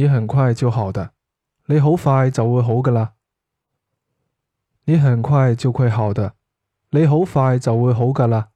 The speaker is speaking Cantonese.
你很快就好的，你好快就會好噶啦。你很快就會好的，你好快就會好噶啦。